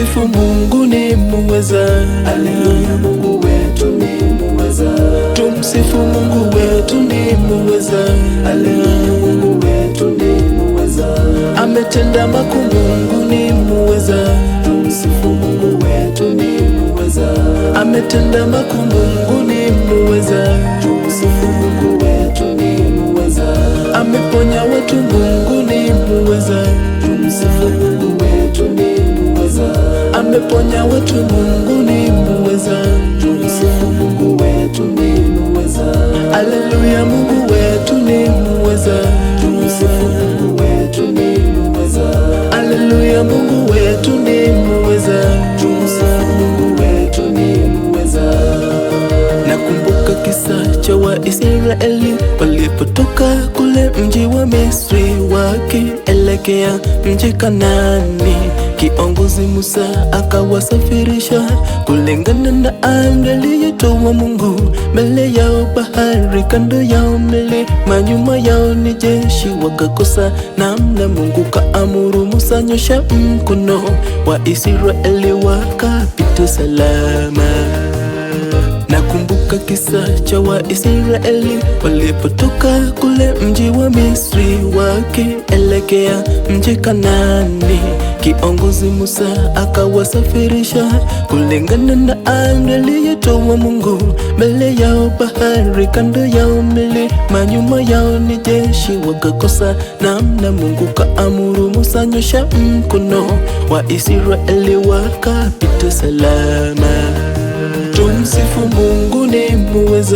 Sifu Mungu ni muweza. Aleluya, Mungu wetu ni muweza. Tumsifu Mungu wetu ni muweza. Aleluya, Mungu wetu ni muweza. Ametenda makuu, Mungu ni muweza. Tumsifu Mungu wetu ni muweza. Ametenda makuu, Mungu ni muweza. Tumsifu Mungu wetu ni muweza. Ameponya watu, Mungu ni muweza. Tumsifu Mungu wetu ni muweza. umeponya wetu, Mungu ni muweza, tumsifu Mungu wetu ni muweza. aleluya Mungu wetu ni muweza, tumsifu Mungu wetu ni muweza. aleluya Mungu wetu ni muweza, tumsifu Mungu wetu ni muweza. Nakumbuka kisa cha Waisraeli walipotoka kule mji wa Misri wakielekea mji Kanani Kiongozi Musa akawasafirisha kulingana na anga aliyotoa Mungu. Mbele yao bahari, kando yao meli manyuma yao ni jeshi, wakakosa namna. Mungu kaamuru Musa, nyosha mkono, wa Israeli wakapita salama. Kumbuka kisa cha Waisraeli walipotoka kule mji wa Misri wakielekea mji kanani Kiongozi Musa akawasafirisha kulingana na amri aliyotoa Mungu. Mbele yao bahari, kando yao milima, nyuma yao ni jeshi, wakakosa namna. Mungu kaamuru Musa, nyosha mkono, Waisraeli wakapita salama. Tumsifu Mungu.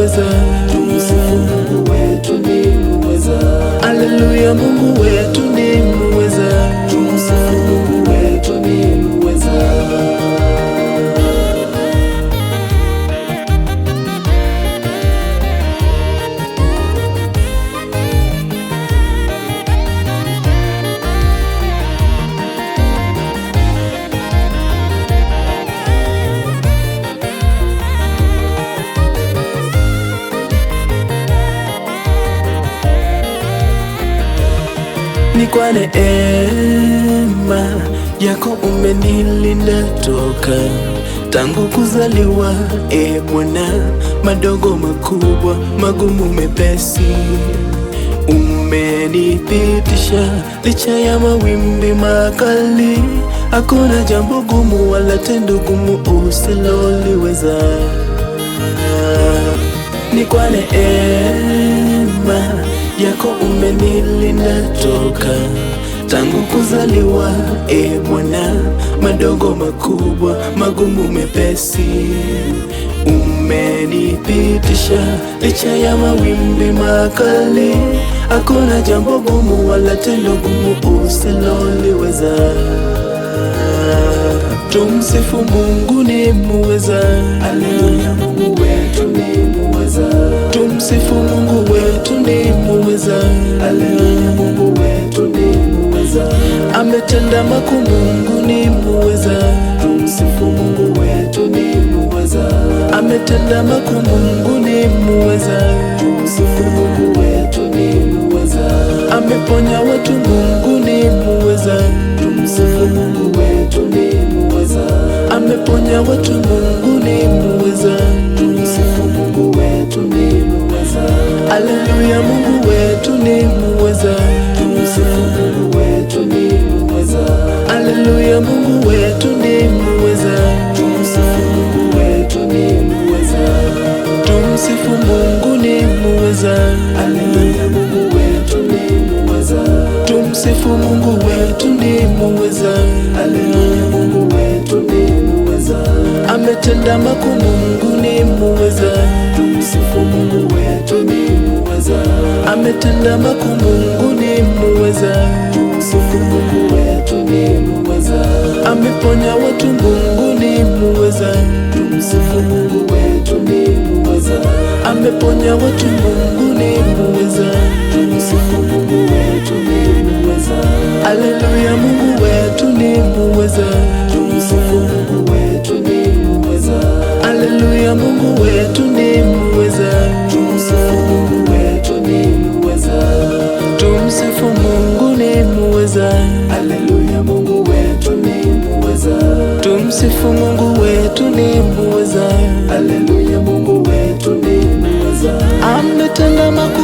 mweza, Mungu wetu ni mweza. Haleluya, Mungu wetu ni kwa neema yako umenilinda toka tangu kuzaliwa, e Bwana, madogo makubwa, magumu mepesi umenipitisha licha ya mawimbi makali. Hakuna jambo gumu wala tendo gumu usiloliweza. Ni kwa neema yako umenilinda toka tangu kuzaliwa, e Bwana, madogo makubwa, magumu mepesi, umenipitisha licha ya mawimbi makali. Hakuna jambo gumu wala tendo gumu usiloliweza. Tumsifu Mungu ni muweza, aleluya, Mungu wetu ni muweza msifu Mungu wetu ni muweza, Aleluya, Mungu wetu ni muweza, ametenda makuu, Mungu ni muweza. Tumsifu Mungu wetu ni muweza, ametenda makuu, Mungu ni muweza. Tumsifu Mungu wetu ni muweza, ameponya watu, Mungu ni muweza. Tumsifu Mungu wetu ni muweza, ameponya watu, Mungu ni muweza. Tumsifu, Mungu wetu, ni muweza. Tumsikia Mungu wetu ni muweza, tumsifu Mungu wetu ni muweza. Aleluya, Mungu wetu ni muweza, tumsifu Mungu wetu ni muweza, tumsifu Mungu ni muweza. Mungu wetu ni muweza, tumsifu Mungu wetu ni muweza. Mungu wetu ni muweza, ametenda makuu, Mungu ni muweza, tumsifu Mungu wetu ni ametenda makuu. Mungu ni muweza, tumsifu Mungu wetu ni muweza. Ameponya watu, Mungu ni muweza, tumsifu Mungu wetu ni muweza. Ameponya watu, Mungu ni muweza, tumsifu Mungu wetu ni muweza. Haleluya, Mungu wetu ni muweza muweza. Aleluya, Mungu wetu ni muweza. Tumsifu Mungu wetu ni muweza. Aleluya, Mungu wetu ni muweza. Ametenda makuu